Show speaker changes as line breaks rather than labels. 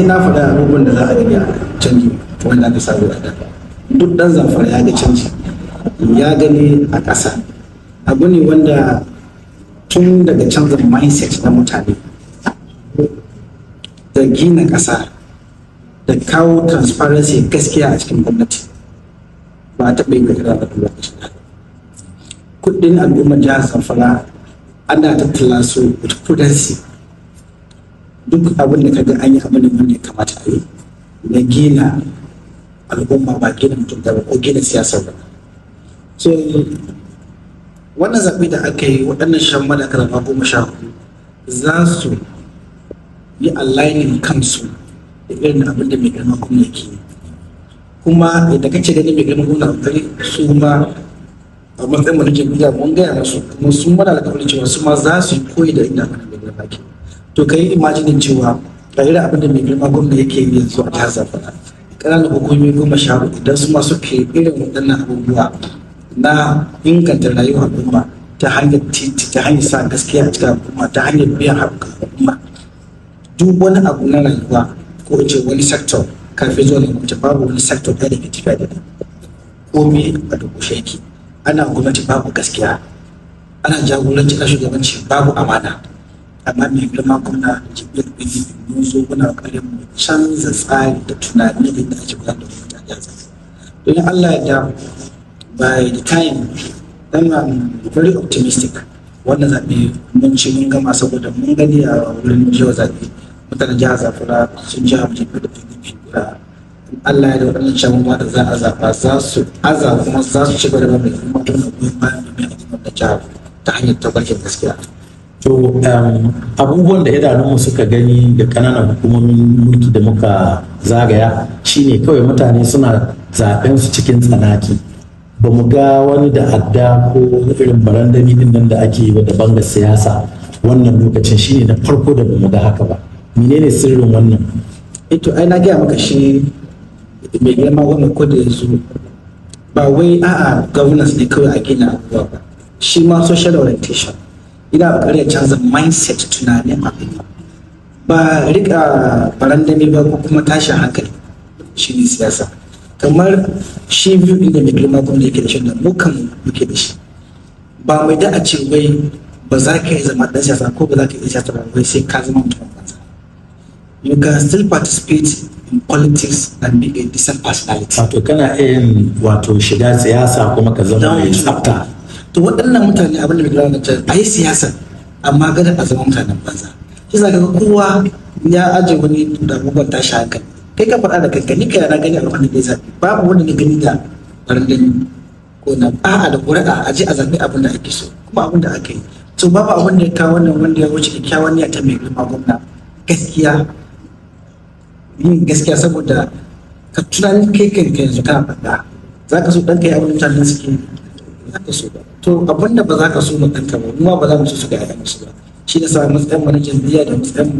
sai na faɗa abubuwan da za a gani a canji wanda aka sa a da duk ɗan zamfara ya ga canji ya gani a ƙasa abu ne wanda tun daga canza mindset na mutane da gina ƙasa da kawo transparency gaskiya a cikin gwamnati ba ta taɓa ga gagara da lokacin kuɗin al'ummar jihar zamfara ana tattala su with prudency duk abin da kaga an yi abin da ya kamata a yi na gina al'umma ba gina mutum da ba ko gina siyasar ba so wannan zaɓi da aka yi waɗannan shan mada aka zaɓa goma sha hudu za su yi aligning kansu da irin abin da mai girma gwamna ke kuma da kace gani mai girma na kokari su ma a matsayin mu nake gudanar mun gaya musu kuma sun mara alƙawarin cewa su ma za su yi koyi da inda abin da mai girma to kai imajinin cewa ga da abin da mai girma gwamna yake yi yanzu a jihar zamfara ƙananan hukumomi goma sha hudu idan su ma suke irin waɗannan abubuwa na inganta rayuwar al'umma ta hanyar titi ta hanyar sa gaskiya a cikin al'umma ta hanyar biyan haɓukan al'umma duk wani abu na rayuwa ko ce wani sector kafin zuwa gwamnati babu wani sector ɗaya da ke tafiya da komai a dukushe yake ana gwamnati babu gaskiya ana jagoranci na shugabanci babu amana amma mai girma kuna jibiyar gani mun zo muna ƙarin mu canza tsari da tunani da yadda ake kula da mutane a tsari don Allah ya by the time then I'm very optimistic wannan zaɓe mun ce mun gama saboda mun gani a wurin jiwa zaɓe mutane jihar zafura sun ji abu jefi da pdp da Allah ya da waɗannan shaguma da za a zaɓa za su aza kuma za su ci gaba da mai kuma tona goyon bayan domin a da jihar ta hanyar tabbakin
gaskiya to um, abubuwan da idanunmu suka gani da kananan hukumomin mulki da muka zagaya shine kawai mutane suna zaben su cikin tsanaki ba mu ga wani da adda ko irin barandami din nan da ake yi da bangar siyasa wannan lokacin shine na farko da mu ga haka ba menene sirrin wannan
ito eh ai na gaya maka shi mai girma wannan ko da yanzu ba wai a'a governance ne kawai a gina ba shi ma social orientation ina ya canza mindset tunanin abin ba rika barandami ba ko kuma tashin hankali shi ne siyasa kamar shi biyu inda mai girma gwamna yake da shi da mu kan muke da shi ba mai da a ce wai ba za ka yi zama ɗan siyasa ko ba za ka yi siyasa ba wai sai ka zama mutum kansa you can still participate in politics and be a decent personality wato kana iya yin wato shiga siyasa kuma ka zama mai tsafta to waɗannan mutane abin da bigila na a yi siyasa amma gada a zama mutanen banza shi za ga kowa ya aje wani damuwan tashi hankali kai ka faɗa da kankani ka kai na gani a lokacin da ya babu wani da gani da barndani ko na a'a da ƙuri'a a je a zaɓi abin da ake so kuma abin da aka yi to babu abin da ya kawo wannan wanda ya wuce kyakkyawan niyya ta mai girma gwamna gaskiya yin gaskiya saboda ka tunanin kai kai yanzu kana faɗa za ka so ɗan kai abin da mutanen suke za ka so ba to abinda da ba za ka so ma kanka ba kuma ba za mu so su ga su ba shi da sa matsayin mu na jam'iyya da matsayin mu